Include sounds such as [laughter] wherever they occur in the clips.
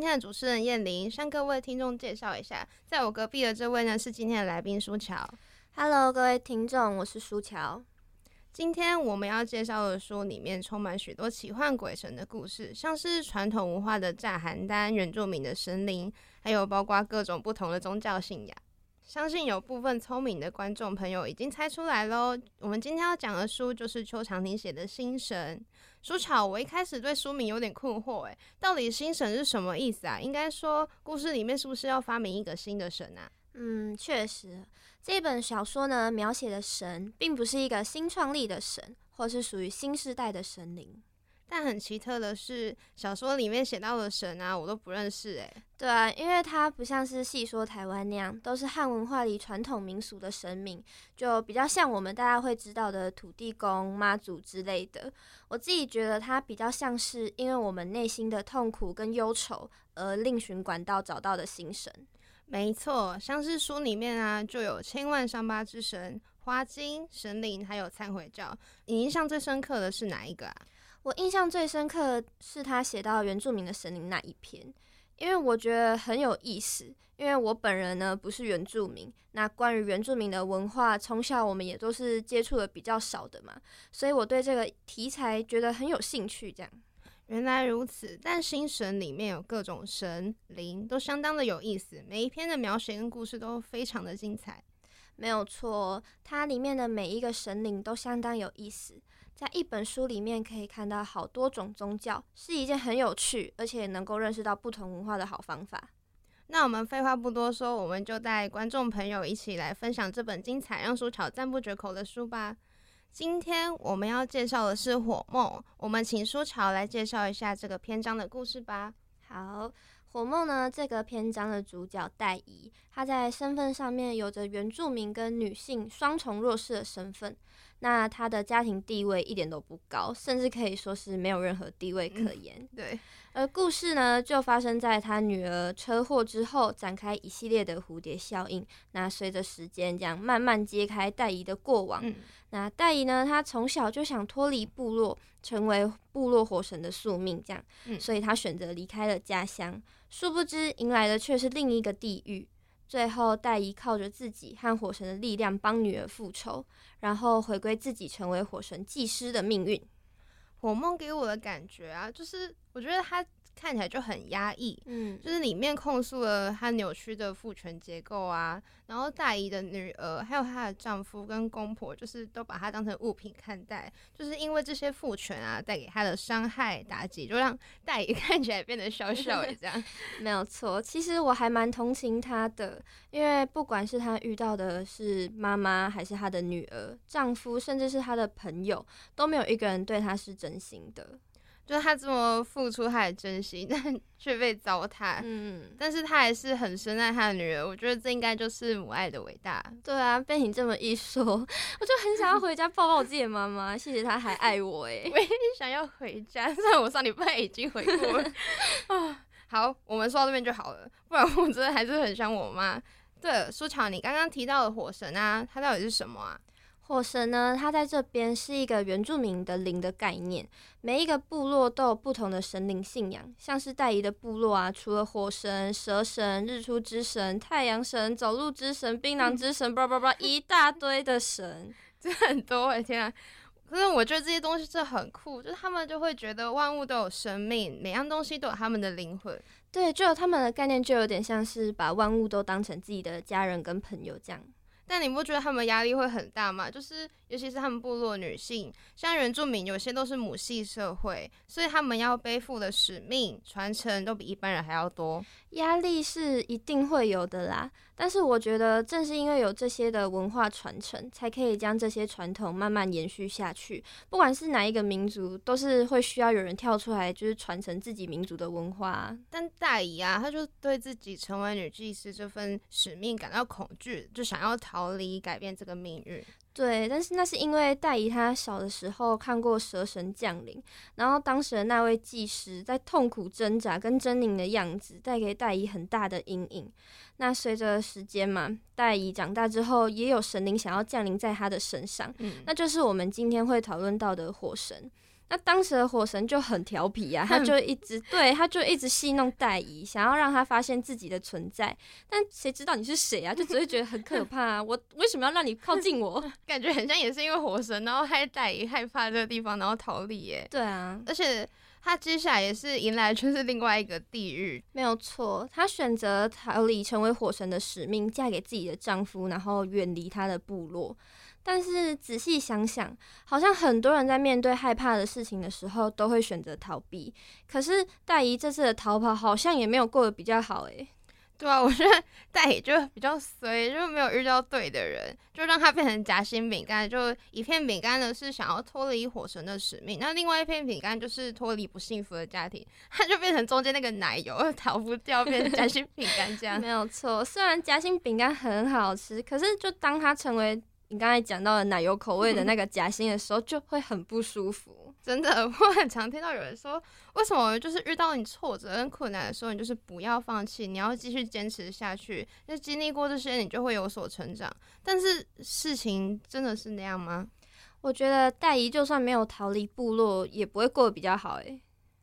今天的主持人彥琳向各位聽眾介紹一下，在我隔壁的這位呢，是今天的來賓舒喬。Hello，各位聽眾，我是舒喬。今天我們要介紹的書裡面充滿許多奇幻鬼神的故事，像是傳統文化的炸寒單、原住民的神靈，還有包括各種不同的宗教信仰。相信有部分聰明的觀眾朋友已經猜出來嘍。我們今天要講的書就是邱常婷寫的《新神》。舒喬，我一開始對書名有點困惑，欸，誒，到底“新神”是什麼意思啊？應該說，故事裡面是不是要發明一個新的神啊？嗯，確實，這本小說呢，描寫的神並不是一個新創立的神，或是屬於新世代的神靈。但很奇特的是，小說裡面寫到的神啊，我都不認識哎、欸。對啊，因為它不像是戲說台灣那樣，都是漢文化裡傳統民俗的神明，就比較像我們大家會知道的土地公、媽祖之類的。我自己覺得它比較像是，因為我們內心的痛苦跟憂愁而另尋管道找到的新神。沒錯，像是書裡面啊，就有千萬傷疤之神、花精、神靈，還有懺悔教。你印象最深刻的是哪一個啊？我印象最深刻的是他寫到原住民的神靈那一篇，因為我覺得很有意思。因為我本人呢不是原住民，那關於原住民的文化，從小我們也都是接觸的比較少的嘛，所以我對這個題材覺得很有興趣。這樣，原來如此。但新神裡面有各種神靈，都相當的有意思。每一篇的描寫跟故事都非常的精彩。沒有錯，它裡面的每一個神靈都相當有意思。在一本書裡面可以看到好多種宗教，是一件很有趣，而且能夠認識到不同文化的好方法。那我們廢話不多說，我們就帶觀眾朋友一起來分享這本精彩讓書潮讚不絕口的書吧。今天我們要介紹的是《火夢》，我們請書潮來介紹一下這個篇章的故事吧。好。火夢呢？這個篇章的主角戴姨，她在身份上面有着原住民跟女性雙重弱勢的身份。那她的家庭地位一點都不高，甚至可以說是沒有任何地位可言。嗯、對。而故事呢，就發生在她女兒車禍之後，展開一系列的蝴蝶效應。那隨着時間這樣慢慢揭開戴姨的過往。嗯、那戴姨呢，她從小就想脫離部落，成為部落火神的宿命，這樣。嗯、所以她選擇離開了家鄉。殊不知，迎來的卻是另一個地獄。最後，戴姨靠着自己和火神的力量幫女兒復仇，然後回歸自己成為火神祭師的命運。《火夢》給我的感覺啊，就是我覺得他。看起來就很壓抑，嗯，就是裡面控訴了她扭曲的父權結構啊，然後大姨的女兒，還有她的丈夫跟公婆，就是都把她當成物品看待，就是因為這些父權啊帶給她的傷害打擊，就讓大姨看起來變得小小的這樣。 [laughs] 沒有錯，其實我還蠻同情她的，因為不管是她遇到的是媽媽，還是她的女兒、丈夫，甚至是她的朋友，都沒有一個人對她是真心的。就是他這麼付出他的真心，但卻被糟蹋。嗯，但是他還是很深愛他的女兒。我覺得這應該就是母愛的偉大。嗯、對啊，被你這麼一說，我就很想要回家抱抱我自己的媽媽， [laughs] 謝謝她還愛我耶。我也想要回家，雖然我上禮拜已經回過了。啊， [laughs] 好，我們說到這邊就好了，不然我真的還是很想我媽。對了，舒喬，你剛剛提到的火神啊，它到底是什麼啊？火神呢，它在這邊是一個原住民的靈的概念。每一個部落都有不同的神靈信仰，像是戴宜的部落啊，除了火神、蛇神、日出之神、太陽神、走路之神、檳榔之神，巴拉巴拉一大堆的神，這很多、欸。哎天、啊，可是我覺得這些東西真的很酷，就是他們就會覺得萬物都有生命，每樣東西都有他們的靈魂。對，就有他們的概念就有點像是把萬物都當成自己的家人跟朋友這樣。但你不覺得他們壓力會很大嗎？就是。尤其是他們部落女性，像原住民，有些都是母系社會，所以他們要背負的使命傳承都比一般人還要多，壓力是一定會有的啦。但是我覺得，正是因為有這些的文化傳承，才可以將這些傳統慢慢延續下去。不管是哪一個民族，都是會需要有人跳出來，就是傳承自己民族的文化啊。但大姨啊，她就對自己成為女祭司這份使命感到恐懼，就想要逃離，改變這個命運。對，但是那是因為戴姨她小的時候看過《蛇神降臨》，然後當時的那位祭師在痛苦掙扎跟猙獰的樣子，帶給戴姨很大的陰影。那隨着時間嘛，戴姨長大之後，也有神靈想要降臨在她的身上，嗯、那就是我們今天會討論到的火神。那當時的火神就很調皮啊，他就一直 [laughs] 對，他就一直戲弄戴姨，想要讓他發現自己的存在。但誰知道你是誰啊？就只會覺得很可怕啊。 [laughs] 我為什麼要讓你靠近我？ [laughs] 感覺很像也是因為火神，然後害戴姨害怕這個地方，然後逃離。哎，對啊，而且他接下來也是迎來，就是另外一個地獄，沒有錯。他選擇逃離，成為火神的使命，嫁給自己的丈夫，然後遠離他的部落。但是仔細想想，好像很多人在面對害怕的事情的時候，都會選擇逃避。可是大姨這次的逃跑好像也沒有過得比較好誒、欸，對啊，我覺得大姨就比較衰，就沒有遇到對的人，就讓他變成夾心餅乾。就一片餅乾呢是想要脫離火神的使命，那另外一片餅乾就是脫離不幸福的家庭，他就變成中間那個奶油，逃不掉，變成夾心餅乾這樣。 [laughs] 沒有錯，雖然夾心餅乾很好吃，可是就當他成為。你剛才講到的奶油口味的那個夾心的時候，就會很不舒服、嗯。真的，我很常聽到有人說，為什麼就是遇到你挫折跟困難的時候，你就是不要放棄，你要繼續堅持下去，就經歷過這些，你就會有所成長。但是事情真的是那樣嗎？我覺得黛姨就算沒有逃離部落，也不會過得比較好、欸。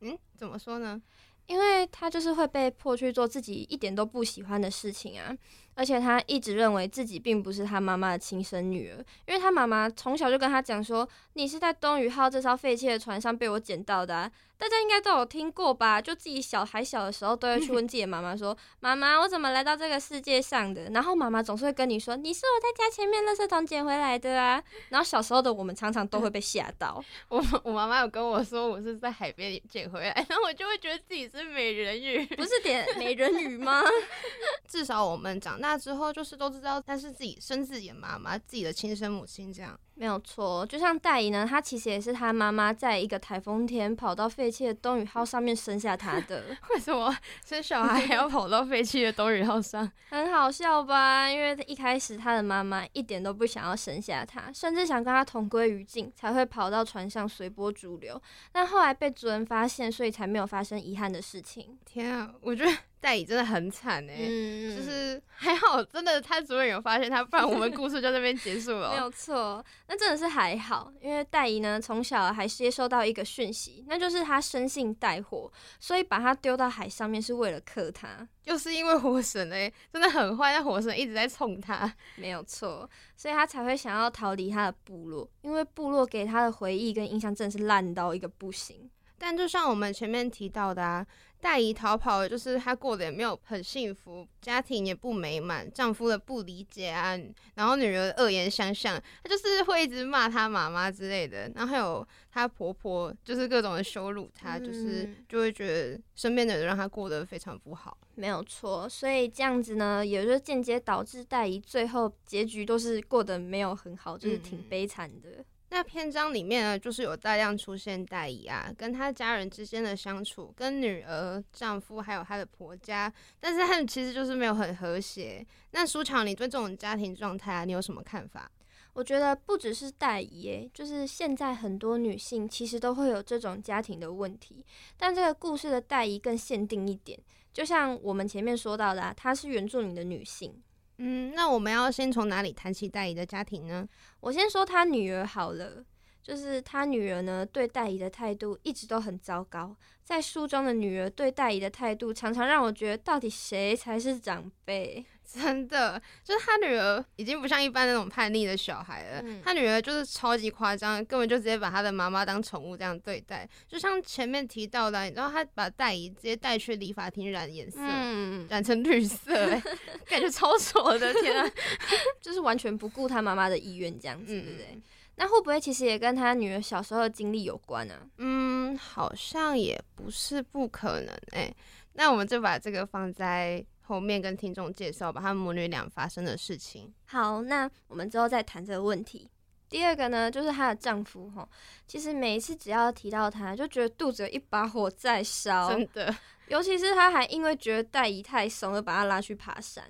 誒。嗯，怎麼說呢？因為她就是會被迫去做自己一點都不喜歡的事情啊。而且他一直認為自己並不是他媽媽的親生女兒，因為他媽媽從小就跟他講說：“你是在東宇號這艘廢棄的船上被我撿到的啊。”大家應該都有聽過吧？就自己小還小的時候，都要去問自己的媽媽說：“媽媽、嗯，我怎麼來到這個世界上的？”然後媽媽總是會跟你說：“你是我在家前面垃圾桶撿回來的啊。”然後小時候的我們常常都會被嚇到。嗯、我我媽媽有跟我說我是在海邊撿回來，然後我就會覺得自己是美人魚，不是點美人魚嗎？ [laughs] 至少我們長大。那、啊、之後就是都知道，她是自己生自己的媽媽，自己的親生母親這樣沒有錯。就像戴姨呢，她其實也是她媽媽在一個台風天跑到廢棄的東宇號上面生下她的。 [laughs] 為什麼生小孩還要跑到廢棄的東宇號上？ [laughs] 很好笑吧？因為一開始她的媽媽一點都不想要生下她，甚至想跟她同歸於盡，才會跑到船上隨波逐流。但後來被主人發現，所以才沒有發生遺憾的事情。天啊，我覺得。戴姨真的很慘哎、欸，嗯、就是還好，真的，他主任有發現他，不然我們故事就這邊結束了。 [laughs] 沒有錯，那真的是還好，因為戴姨呢從小還接收到一個訊息，那就是他生性帶火，所以把他丟到海上面是為了克他。就是因為火神哎、欸，真的很壞，那火神一直在衝他，沒有錯，所以他才會想要逃離他的部落，因為部落給他的回憶跟印象真的是爛到一個不行。但就像我們前面提到的啊。戴逃跑，就是她過得也沒有很幸福，家庭也不美滿，丈夫的不理解啊，然後女兒惡言相向，她就是會一直罵她媽媽之類的。然後還有她婆婆，就是各種的羞辱她，就是就會覺得身邊的人讓她過得非常不好。嗯，沒有錯，所以這樣子呢，也就間接導致大姨最後結局都是過得沒有很好，就是挺悲慘的。嗯那篇章裡面呢，就是有大量出現代姨啊，跟她家人之間的相處，跟女兒、丈夫還有她的婆家，但是他們其實就是沒有很和諧。那舒喬你對這種家庭狀態啊，你有什麼看法？我覺得不只是黛姨、欸，就是現在很多女性其實都會有這種家庭的問題，但這個故事的代姨更限定一點，就像我們前面說到的、啊，她是原住民的女性。嗯，那我們要先從哪裡談起戴姨的家庭呢？我先說她女兒好了，就是她女兒呢，對戴姨的態度一直都很糟糕。在書中的女兒對戴姨的態度，常常讓我覺得，到底誰才是長輩？真的，就是她女兒已經不像一般那種叛逆的小孩了。她、嗯、女兒就是超級誇張，根本就直接把她的媽媽當寵物這樣對待。就像前面提到的、啊，然後她把戴姨直接帶去理髮廳染顏色，嗯、染成綠色、欸。 [laughs] 感覺超爽的，天啊！ [laughs] 就是完全不顧他媽媽的意願這樣子，對不對？那會不會其實也跟他女兒小時候的經歷有關呢、啊？嗯，好像也不是不可能。哎、欸，那我們就把這個放在後面跟聽眾介紹吧，他們母女倆發生的事情。好，那我們之後再談這個問題。第二個呢，就是她的丈夫吼，其實每一次只要提到她，就覺得肚子有一把火在燒，真的。尤其是她還因為覺得戴姨太鬆了，把她拉去爬山。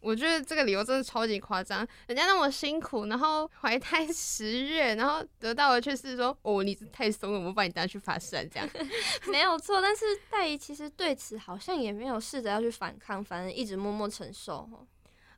我覺得這個理由真的超級誇張，人家那麼辛苦，然後懷胎十月，然後得到的卻是說：“哦，你太鬆了，我把你帶去爬山。”這樣 [laughs] 沒有錯，但是戴姨其實對此好像也沒有試着要去反抗，反正一直默默承受。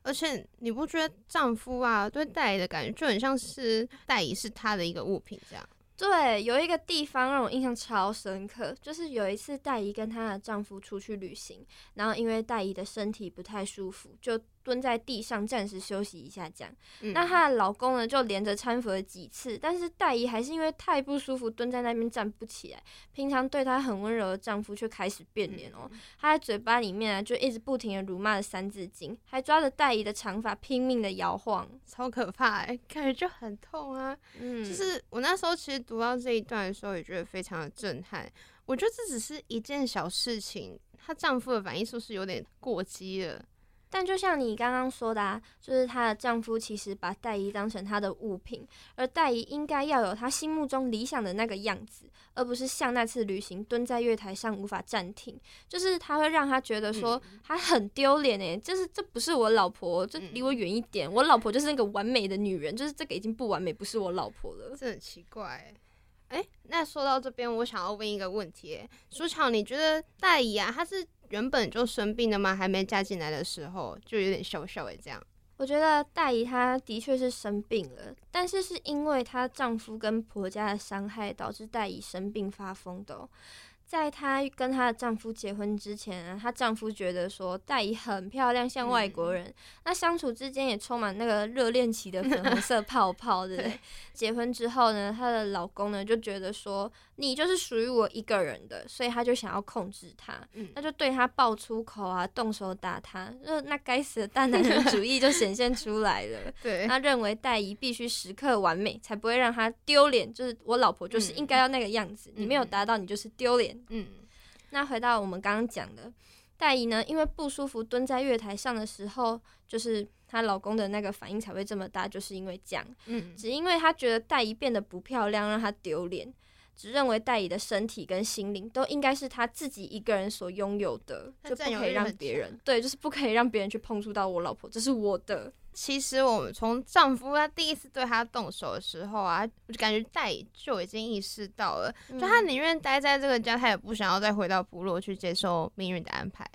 而且你不覺得丈夫啊，對戴姨的感覺就很像是戴姨是他的一個物品這樣？對，有一個地方讓我印象超深刻，就是有一次戴姨跟她的丈夫出去旅行，然後因為戴姨的身體不太舒服，就。蹲在地上，暫時休息一下。這樣，嗯、那她的老公呢，就連着攙扶了幾次，但是戴姨還是因為太不舒服，蹲在那邊站不起來。平常對她很溫柔的丈夫，卻開始變臉哦、喔。她的、嗯、嘴巴裡面啊，就一直不停的辱罵了三字經，還抓着戴姨的長髮拼命的搖晃，超可怕、欸，感覺就很痛啊。嗯，就是我那時候其實讀到這一段的時候，也覺得非常的震撼。我覺得這只是一件小事情，她丈夫的反應是不是有點過激了？但就像你剛剛說的、啊，就是她的丈夫其實把戴姨當成她的物品，而戴姨應該要有她心目中理想的那個樣子，而不是像那次旅行蹲在月台上無法暫停，就是他會讓她覺得說她很丟臉誒，就、嗯、是這是不是我老婆，就離我遠一點，嗯、我老婆就是那個完美的女人，就是這個已經不完美，不是我老婆了，這很奇怪哎、欸欸。那說到這邊，我想要問一個問題、欸，舒喬，你覺得戴姨啊，她是？原本就生病了嗎？還沒嫁進來的時候就有點瘦瘦？誒，這樣。我覺得大姨她的確是生病了，但是是因為她丈夫跟婆家的傷害導致大姨生病發瘋的、喔。在她跟她的丈夫結婚之前呢，她丈夫覺得說大姨很漂亮，像外國人，那、嗯、相處之間也充滿那個熱戀期的粉紅色泡泡， [laughs] 對。對。結婚之後呢，她的老公呢就覺得說，你就是屬於我一個人的，所以他就想要控制他。嗯、那就對他爆粗口啊，動手打他。那那該死的大男人主義就顯現出來了。 [laughs] 對，他認為戴姨必須時刻完美，才不會讓他丟臉。就是我老婆就是應該要那個樣子，嗯、你沒有達到，你就是丟臉。嗯，那回到我們剛剛講的，戴姨呢，因為不舒服蹲在月台上的時候，就是她老公的那個反應才會這麼大，就是因為這樣。嗯，只因為他覺得戴姨變得不漂亮，讓他丟臉。只認為戴爾的身體跟心靈都應該是他自己一個人所擁有的，就不可以讓別人。對，就是不可以讓別人去碰觸到我老婆，這是我的。其實我們從丈夫他第一次對他動手的時候啊，我就感覺戴爾就已經意識到了，嗯。就他寧願待在這個家，他也不想要再回到部落去接受命運的安排。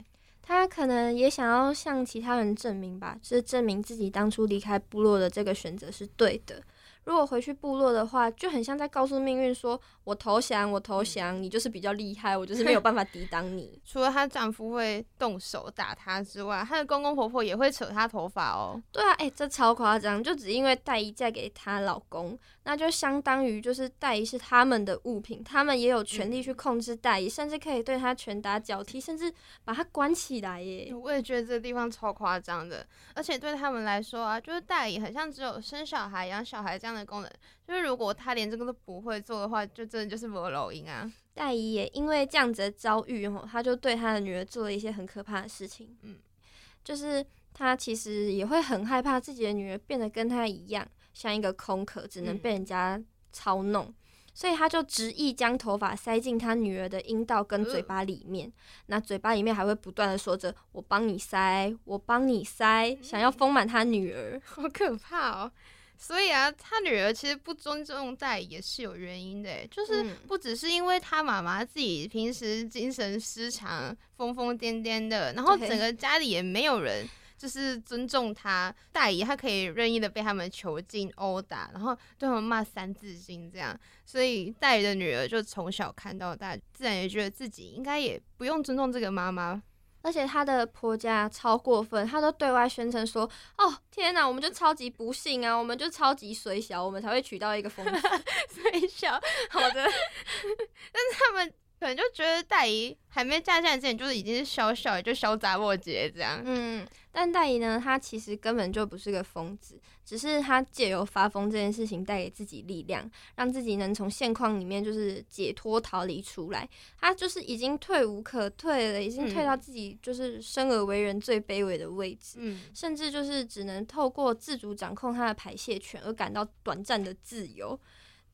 他可能也想要向其他人證明吧，就是證明自己當初離開部落的這個選擇是對的。如果回去部落的話，就很像在告訴命運說：“我投降，我投降，嗯、你就是比較厲害，我就是沒有辦法抵擋你。”除了她丈夫會動手打她之外，她的公公婆婆也會扯她頭髮哦。對啊，哎、欸，這超誇張，就只因為戴伊嫁給她老公。那就相當於就是大姨是他們的物品，他們也有權利去控制大姨，嗯、甚至可以對他拳打腳踢，甚至把他關起來耶。我也覺得這個地方超誇張的，而且對他們來說啊，就是大姨很像只有生小孩、養小孩這樣的功能，就是如果他連這個都不會做的話，就真的就是母老虎啊。大姨也因為這樣子的遭遇，吼，他就對他的女兒做了一些很可怕的事情。嗯，就是他其實也會很害怕自己的女兒變得跟他一樣。像一個空殼，只能被人家操弄，嗯、所以他就執意將頭髮塞進他女兒的陰道跟嘴巴裡面，那、呃、嘴巴裡面還會不斷地說着“呃、我幫你塞，我幫你塞”，嗯、想要豐滿他女兒，好可怕哦！所以啊，他女兒其實不尊重戴也是有原因的，就是不只是因為他媽媽自己平時精神失常，瘋瘋癲癲的，然後整個家裡也沒有人。就是尊重他，大姨，他可以任意的被他們囚禁、毆打，然後對他們罵《三字經》這樣，所以大姨的女兒就從小看到大，自然也覺得自己應該也不用尊重這個媽媽。而且她的婆家超過分，她都對外宣稱說：“哦，天哪，我們就超級不幸啊，我們就超級衰小，我們才會娶到一個瘋子。”衰 [laughs] 小，好的， [laughs] 但是他們。可能就覺得大姨還沒嫁進來之前，就是已經是小小，就小雜末節這樣。嗯，但大姨呢，她其實根本就不是個瘋子，只是她借由發瘋這件事情，帶給自己力量，讓自己能從現況裡面就是解脫逃離出來。她就是已經退無可退了，已經退到自己就是生而為人最卑微的位置，嗯，甚至就是只能透過自主掌控她的排泄權而感到短暫的自由。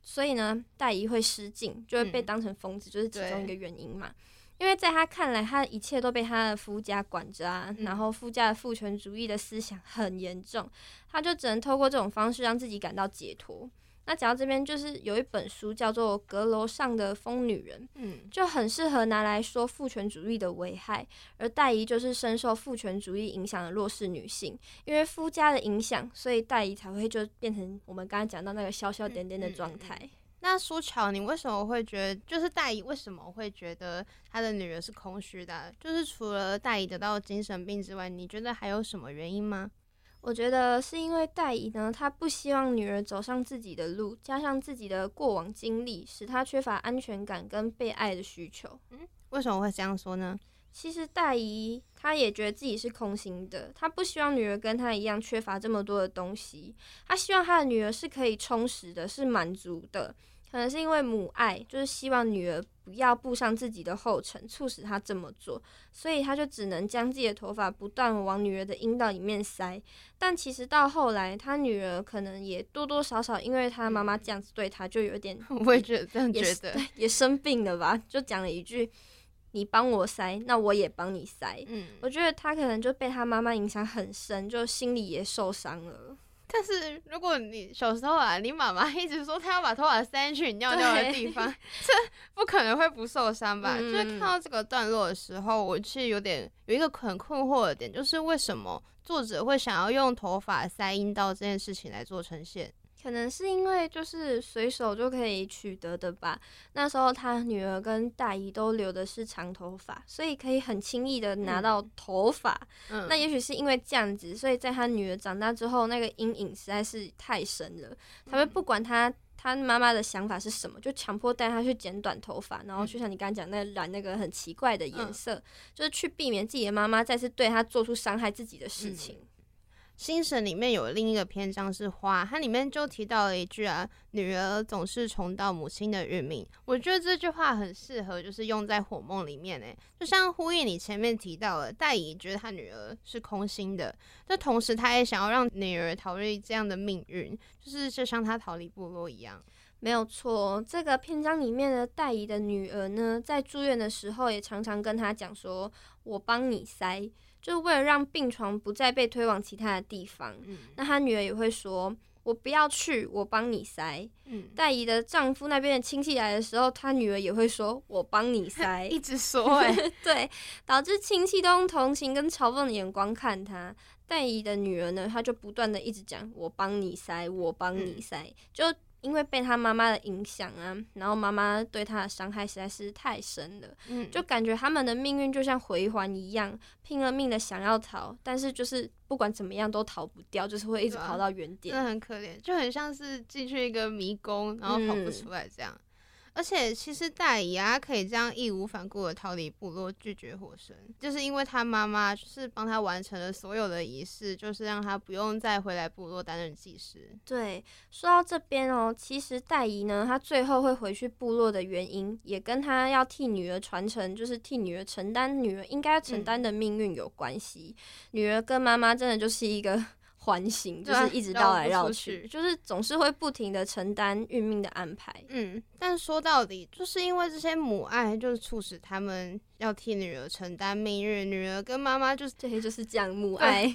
所以呢，大姨會失禁，就會被當成瘋子，嗯、就是其中一個原因嘛。對因為在她看來，她的一切都被她的夫家管着啊，嗯、然後夫家的父權主義的思想很嚴重，她就只能透過這種方式讓自己感到解脫。那講到這邊，就是有一本書叫做《閣樓上的瘋女人》，嗯，就很適合拿來說父權主義的危害。而黛姨就是深受父權主義影響的弱勢女性，因為夫家的影響，所以黛姨才會就變成我們剛剛講到那個消消點點的狀態、嗯。那舒喬，你為什麼會覺得，就是黛姨為什麼會覺得她的女人是空虛的、啊？就是除了黛姨得到精神病之外，你覺得還有什麼原因嗎？我覺得是因為戴姨呢，她不希望女兒走上自己的路，加上自己的過往經歷，使她缺乏安全感跟被愛的需求。嗯，為什麼我會這樣說呢？其實戴姨她也覺得自己是空心的，她不希望女兒跟她一樣缺乏這麼多的東西，她希望她的女兒是可以充實的，是滿足的。可能是因為母愛，就是希望女兒。不要步上自己的後塵，促使他這麼做，所以他就只能將自己的頭髮不斷往女兒的陰道裡面塞。但其實到後來，他女兒可能也多多少少因為他媽媽這樣子對他，就有點……我也覺得這樣覺得也，也生病了吧？就講了一句：“你幫我塞，那我也幫你塞。”嗯，我覺得他可能就被他媽媽影響很深，就心裡也受傷了。但是如果你小時候啊，你媽媽一直說她要把頭髮塞進去尿尿的地方，對 [laughs] 這不可能會不受傷吧？嗯、就是看到這個段落的時候，我其實有點有一個很困惑的點，就是為什麼作者會想要用頭髮塞陰道這件事情來做呈現？可能是因為就是隨手就可以取得的吧。那時候他女兒跟大姨都留的是長頭髮，所以可以很輕易的拿到頭髮。嗯、那也許是因為這樣子，所以在他女兒長大之後，那個陰影實在是太深了。嗯、他們不管他他媽媽的想法是什麼，就強迫帶他去剪短頭髮，然後就像你剛剛講那個染那個很奇怪的顏色，嗯、就是去避免自己的媽媽再次對他做出傷害自己的事情。嗯《新神》裡面有另一個篇章是花，它裡面就提到了一句啊，女兒總是重蹈母親的厄命。我覺得這句話很適合，就是用在《火夢》裡面誒、欸，就像呼應你前面提到的，戴姨覺得她女兒是空心的，但同時她也想要讓女兒逃離這樣的命運，就是就像她逃離部落一樣。沒有錯，這個篇章裡面的戴姨的女兒呢，在住院的時候也常常跟她講說：“我幫你塞。”就是為了讓病床不再被推往其他的地方，嗯、那她女兒也會說：“我不要去，我幫你塞。嗯”戴姨的丈夫那邊的親戚來的時候，她女兒也會說：“我幫你塞。”一直說、欸、 [laughs] 對，導致親戚都用同情跟嘲諷的眼光看她。戴姨的女兒呢，她就不斷的一直講：“我幫你塞，我幫你塞。嗯”就。因為被他媽媽的影響啊，然後媽媽對他的傷害實在是太深了，嗯、就感覺他們的命運就像回環一樣，拼了命的想要逃，但是就是不管怎麼樣都逃不掉，就是會一直跑到原點，那、啊、真的很可憐，就很像是進去一個迷宮，然後跑不出來這樣。嗯而且其實戴姨啊，可以這樣義無反顧地逃離部落，拒絕火神，就是因為他媽媽就是幫他完成了所有的儀式，就是讓他不用再回來部落擔任祭司。對，說到這邊哦，其實戴姨呢，她最後會回去部落的原因，也跟她要替女兒傳承，就是替女兒承擔女兒應該承擔的命運有關係。嗯、女兒跟媽媽真的就是一個。環形就是一直繞來繞去，去就是總是會不停的承擔運命的安排。嗯，但說到底，就是因為這些母愛，就是促使他們要替女兒承擔命運。女兒跟媽媽就是，這些，就是講母愛。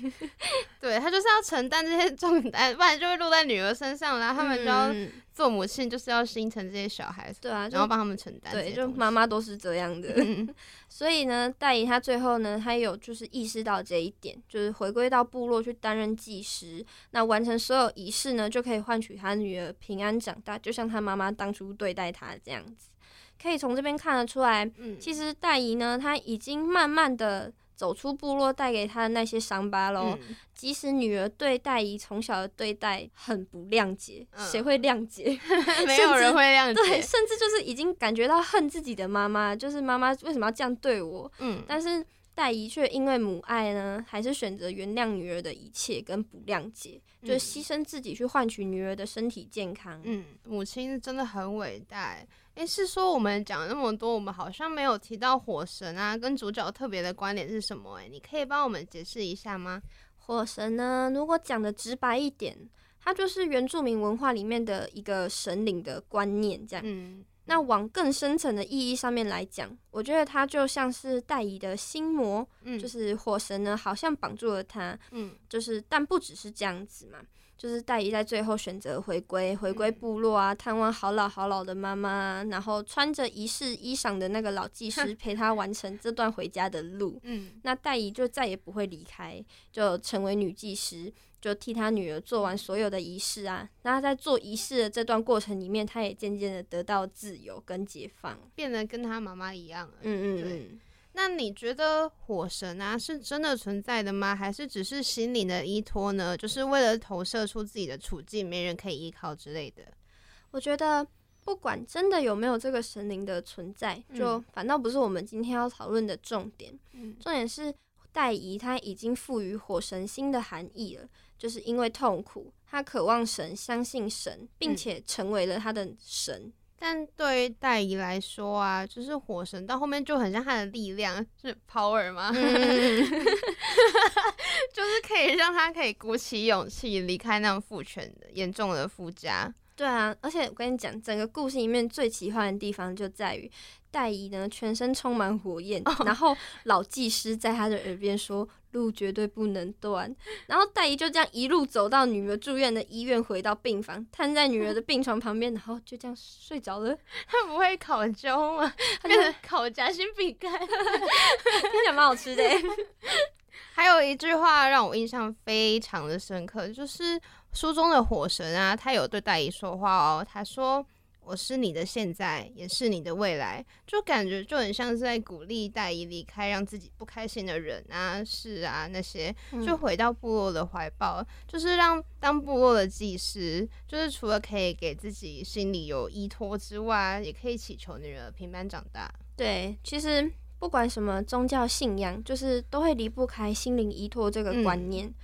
對， [laughs] 對他就是要承擔這些重擔，不然就會落在女兒身上了。然後他們就要做母親，嗯、就是要心疼這些小孩。對啊，就然後幫他們承擔。對，就媽媽都是這樣的。嗯所以呢，戴姨她最後呢，她有就是意識到這一點，就是回歸到部落去擔任祭司，那完成所有儀式呢，就可以換取她女兒平安長大，就像她媽媽當初對待她這樣子。可以從這邊看得出來，嗯、其實戴姨呢，她已經慢慢的。走出部落帶給他的那些傷疤嘍，嗯、即使女兒對待以從小的對待很不諒解，誰、嗯、會諒解？ [laughs] 至沒有人會諒解。對，甚至就是已經感覺到恨自己的媽媽，就是媽媽為什麼要這樣對我？嗯，但是。戴姨卻因為母愛呢，還是選擇原諒女兒的一切跟不諒解。嗯、就是犧牲自己去換取女兒的身體健康。嗯，母親真的很偉大。誒、欸。是說我們講那麼多，我們好像沒有提到火神啊，跟主角特別的關聯是什麼？欸？誒？你可以幫我們解釋一下嗎？火神呢，如果講得直白一點，它就是原住民文化裡面的一個神靈的觀念，這樣。嗯那往更深層的意義上面來講，我覺得他就像是戴姨的心魔，嗯，就是火神呢，好像綁住了他，嗯，就是但不只是這樣子嘛，就是戴姨在最後選擇回歸，回歸部落啊，探望好老好老的媽媽啊，然後穿着儀式衣裳的那個老祭司陪她完成這段回家的路，嗯，呵呵 那戴姨就再也不會離開，就成為女祭司。就替他女兒做完所有的儀式啊，那他在做儀式的這段過程裡面，他也漸漸的得到自由跟解放，變得跟他媽媽一樣。嗯嗯嗯，對。那你覺得火神啊是真的存在的嗎？還是只是心靈的依托呢？就是為了投射出自己的處境，沒人可以依靠之類的？我覺得不管真的有沒有這個神靈的存在，就反倒不是我們今天要討論的重點。嗯，重點是。代姨他已經賦予火神新的含義了，就是因為痛苦，他渴望神，相信神，並且成為了他的神。嗯、但對於代姨來說啊，就是火神到後面就很像他的力量，是 power 嗎？嗯、 [laughs] 就是可以讓他可以鼓起勇氣離開那種父權嚴重的夫家。對啊，而且我跟你講，整個故事裡面最奇幻的地方就在於。戴姨呢，全身充滿火焰，oh. 然後老祭司在她的耳邊說：“路絕對不能斷。”然後戴姨就這樣一路走到女兒住院的醫院，回到病房，癱在女兒的病床旁邊，oh. 然後就這樣睡着了。他不會烤焦嗎？他就烤夾心餅乾， [laughs] 聽起來蠻好吃的耶。 [laughs] 還有一句話讓我印象非常的深刻，就是書中的火神啊，他有對戴姨說話哦，他說。我是你的現在，也是你的未來，就感覺就很像是在鼓勵帶姨離開讓自己不開心的人啊、事啊那些，就回到部落的懷抱，嗯、就是讓當部落的祭司，就是除了可以給自己心裡有依托之外，也可以祈求女兒平安長大。對，其實不管什麼宗教信仰，就是都會離不開心靈依托這個觀念，嗯、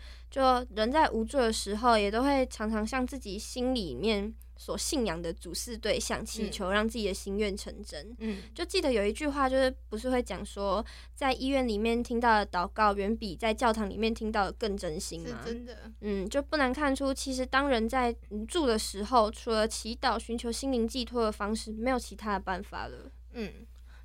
就人在無助的時候，也都會常常向自己心裡面。所信仰的主事對象，祈求讓自己的心願成真。嗯，就記得有一句話，就是不是會講說，在醫院裡面聽到的禱告，遠比在教堂裡面聽到的更真心嗎？啊？真的。嗯，就不難看出，其實當人在無助的時候，除了祈禱尋求心靈寄托的方式，沒有其他的辦法了。嗯，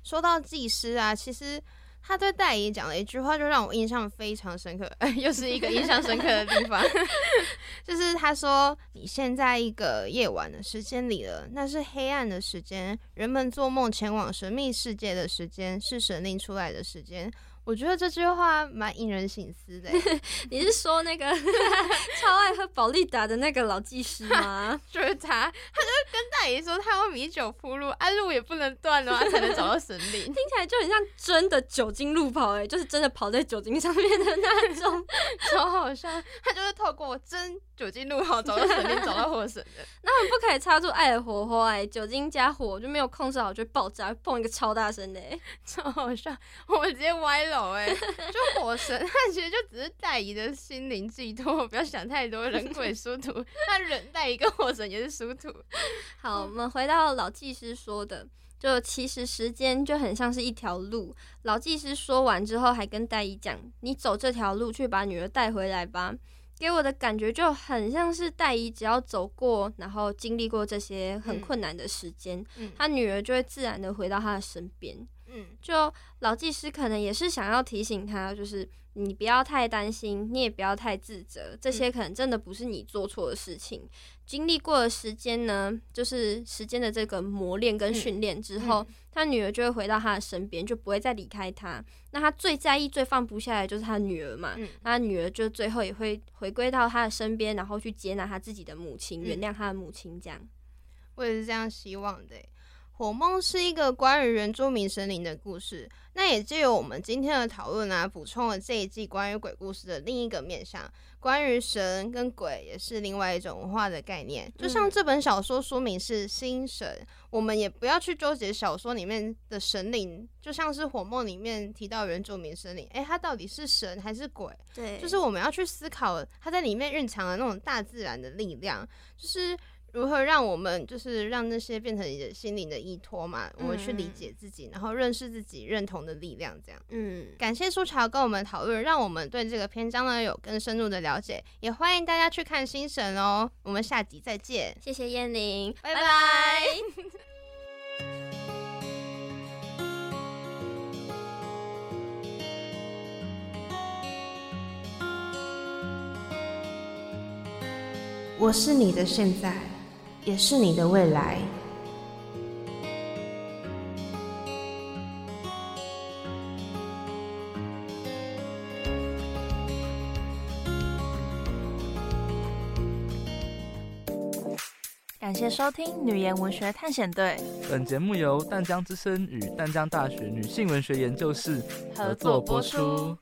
說到祭司啊，其實。他對戴爺講了一句話，就讓我印象非常深刻。哎，又是一個印象深刻的地方， [laughs] 就是他說：“你現在一個夜晚的時間裡了，那是黑暗的時間，人們做夢前往神秘世界的時間，是神靈出來的時間。”我覺得這句話蠻引人省思的、欸。 [laughs] 你是說那個超愛喝保力達的那個老技師嗎？ [laughs] 就是他，他就是跟大姨說他要米酒鋪路，哎，路也不能斷的話才能找到神靈。 [laughs] 聽起來就很像真的酒精路跑哎、欸，就是真的跑在酒精上面的那種。 [laughs] 超好笑，他就是透過真酒精路跑找到神靈，找到活神的。 [laughs] 那我們不可以擦出愛的火花哎，酒精加火就沒有控制好就會爆炸，碰一個超大聲的、欸，超好笑，我們直接歪了。有哎，就火神，其實就只是戴姨的心靈寄託，不要想太多，人鬼殊途，那人戴姨跟火神也是殊途、 [laughs] 嗯。好，我們回到老技師說的，就其實時間就很像是一條路。老技師說完之後，還跟戴姨講：“你走這條路去把女兒帶回來吧。”給我的感覺就很像是戴姨只要走過，然後經歷過這些很困難的時間，她、嗯嗯、女兒就會自然的回到她的身邊。嗯，就老祭師可能也是想要提醒他，就是你不要太擔心，你也不要太自責，這些可能真的不是你做錯的事情。嗯、經歷過了時間呢，就是時間的這個磨練跟訓練之後，嗯嗯、他女兒就會回到他的身邊，就不會再離開他。那他最在意、最放不下的就是他女兒嘛，嗯、那女兒就最後也會回歸到他的身邊，然後去接納他自己的母親，嗯、原諒他的母親。這樣，我也是這樣希望的。《火夢》是一個關於原住民神靈的故事，那也借由我們今天的討論啊，補充了這一季關於鬼故事的另一個面向。關於神跟鬼也是另外一種文化的概念，就像這本小說書名是《新神》。嗯，我們也不要去糾結小說裡面的神靈，就像是《火夢》裡面提到原住民神靈，誒、欸，他到底是神還是鬼？對，就是我們要去思考它在裡面蘊藏的那種大自然的力量，就是。如何讓我們就是讓那些變成你的心靈的依托嘛？我們去理解自己，然後認識自己認同的力量，這樣。嗯，感謝舒喬跟我們討論，讓我們對這個篇章呢有更深入的了解。也歡迎大家去看《新神》哦。我們下集再見。謝謝彥琳，拜拜。拜拜。我是你的現在。也是你的未來。感謝收聽《女研文學探險隊》。本節目由淡江之聲與淡江大學女性文學研究室合作播出。